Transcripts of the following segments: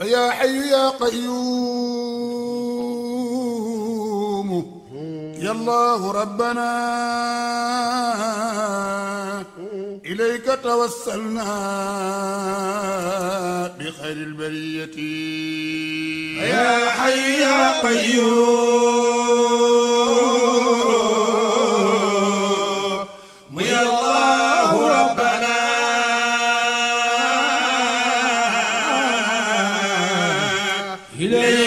فيا حي يا قيوم يا الله ربنا إليك توسلنا بخير البرية يا حي يا قيوم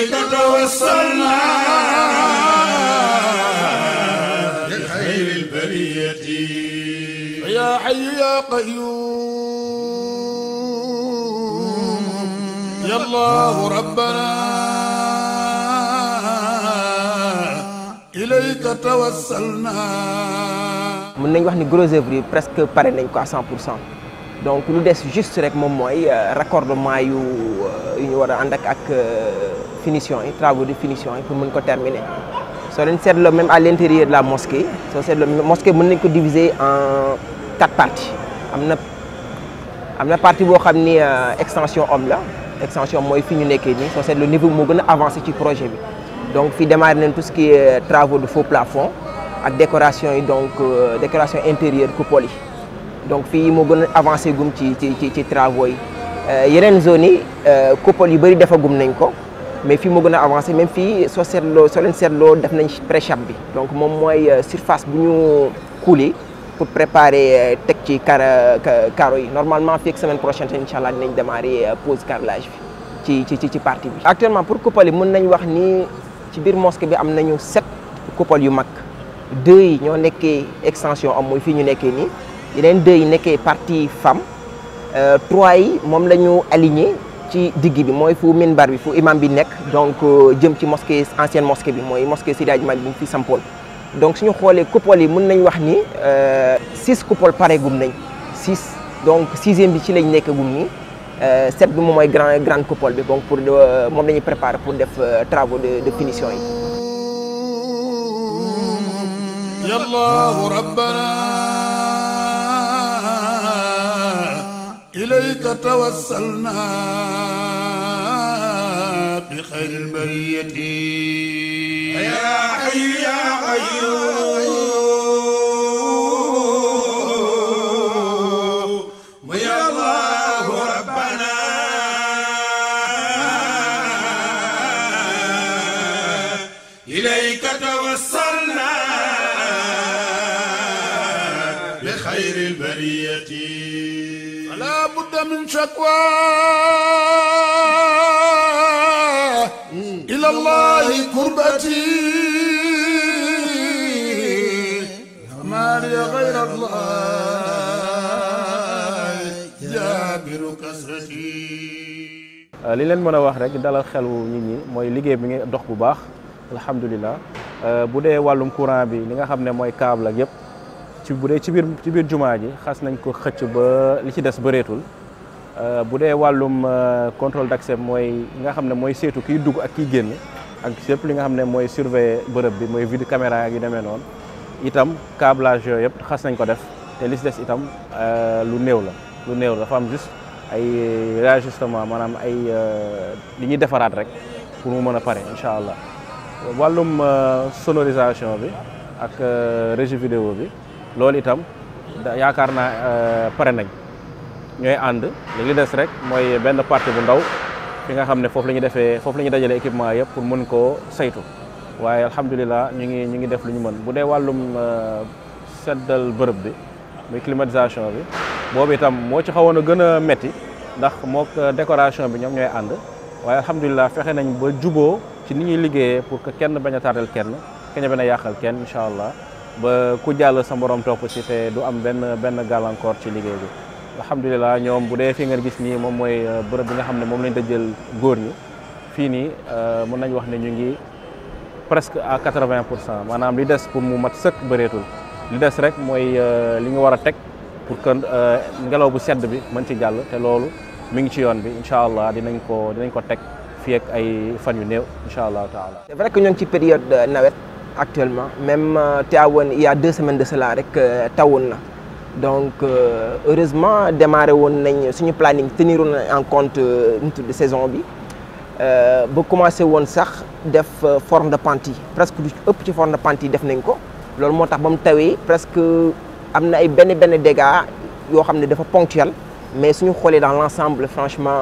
إليك توسلنا يا خير البرية يا حي يا قيوم يا الله ربنا إليك توسلنا mën nañ wax ni gros œuvre yi presque à 100 donc nous des juste avec moi euh, raccordement yu euh, yu ñu ak euh, finition travaux de finition pour ko terminer Nous leen même à l'intérieur de la mosquée La mosquée mën nañ en quatre parties La amna partie qui xamni extension homme la extension moy fi ñu niveau mo gëna avancé ci projet bi donc fi démarré nañ tout ce qui est travaux de faux plafond et décoration yi donc décoration intérieure coupole donc fi mo gëna a avancé gum ci ci ci travaux yi euh, yeneen zone yi euh, coupole yu bëri defagum nañ ko mais fi mo gëna a avancé même fi so seetloo soo leen seetloo def nañ préchap bi donc mom moy euh, surface bu ñu couler pour préparer tek ci car carreaux yi normalement fi ak semaine prochaine incha allah démarrer pose carrelage bi ci ci ci partie bi. actuellement pour coupole yi mën nañ wax ni ci bir mosquée bi am nañu sept coupole yu mag deux yi ñoo nekkee extension am moy fi ñu nekké ni yeneen deux yi nekkee parti femme euh, trois yi moom la ñu aligné ci digg bi mooy fu minbar bi fu imam bi nekk donc euh, jëm ci mosquée ancienne mosquée bi mooy mosquée Seydi Hadji bi mu fi sampoon donc suñu xoolee coupole yi mën nañ wax ni euh, six coupole pareegum nañ six donc sixième bi ci lañ nekk gum nii sept bi moom mooy grand grande coupole bi donc pour moom la ñuy préparer pour def travaux de de finition yi. yàlla rabbana إليك توسلنا بخير البرية يا حي يا حي ربنا إليك بخير البريه لا بد من شكوى إلى الله كربتي ما غير الله جابر كسرتي li leen mën a wax rek dalal xelu nit ñi mooy liggéey bi nga dox bu baax alhamdulilah bu dee wàllum courant bi li nga xam ne mooy câble ak yëpp ci bu dee ci biir ci biir jumaa ji xas nañ ko xëcc ba li ci des bëreetul euh, bu dee wàllum euh, contrôle d'accès mooy nga xam ne mooy seetu kiy dugg ak kiy génn ak yëpp li nga xam ne mooy surveiller bërëb bi mooy vide caméra ak yu demee noonu itam câblage yooyu yëpp xas nañ ko def te li ci des itam euh, lu néew la lu néew la dafa am juste ay réajustement maanaam ay li ñuy defaraat rek pour mu mën a pare incha allah wàllum sonorisation bi ak régie vidéo bi loolu itam yaakaar naa euh, pare nañ ñooy ànd li des rek mooy benn parti bu ndaw fi nga xam ne foofu la ñu defee foofu la ñu dajale équipement yëpp pour mën koo saytu waaye alhamdulilah ñu ngi ñu ngi def lu ñu mën bu dee wàllum euh, seddal bërëb bi muy climatisation bi boobu itam moo ci xawoon a gën a metti ndax moo euh, décoration bi ñoom ñooy ànd waaye alhamdulilah fexe nañ ba juboo ci ni ñuy liggéeyee pour que kenn bañ a tardel kenn kenn bañ a yàqal kenn incha allah ba ku jàll sa morom topp ci te du am benn benn gàllankoor ci liggéey bi alhamdulilah ñoom bu dee fi nga gis nii moom mooy euh, bërëb bi nga xam ne moom lañ ñi euh, mën nañ wax ñu ngi presque à 80 li des pour mu mat sëkk bëreetul li des rek mooy euh, li nga war a teg pour que ngelaw bu sedd bi mën ci jàll te loolu mi ngi ci yoon bi allah dinañ ko dinañ ko teg fii ak ay fan yu new incha allah taala. c'est vrai que ñoo ci période nawet actuellement même euh, Tivaouane il y a deux semaines de cela rek euh, tawon na donc euh, heureusement démarré woon nañ suñu planning tenir en compte toute la saison bi ba commencé on sax def forme de panty. presque une petite forme de panty. yi def nañ ko loolu moo tax ba presque am ay benn dégâts yoo xam ponctuels, dafa ponctuel mais suñu dans l'ensemble franchement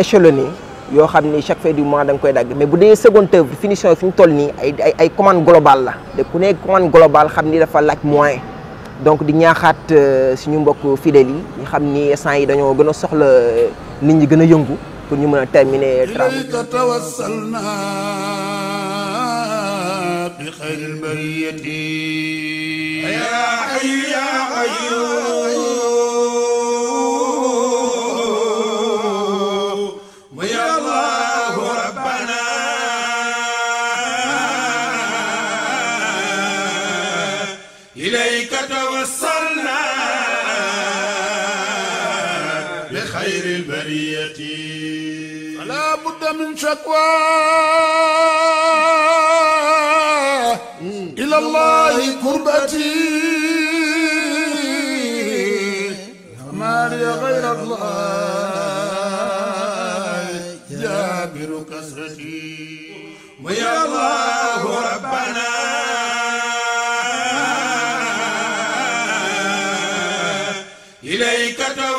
échelonné yo xamni chaque fin du mois dang koy dag mais bu dee seconde œuvre finition yi fi ñu toll nii ay ay ay commande globale la de ku nekk commande globale xamni dafa laaj moins donc di ñaaxaat euh, suñu mbokk fidèles yi ñu xam yi dañoo gëna a soxla euh, nit ñi gëna yëngu pour ñu mën terminer travaux tawassalna bi xayril bariyati خير البرية فلا بد من شكوى إلى الله كربتي ما لي غير الله جابر كسرتي ويا الله ربنا إليك تبقى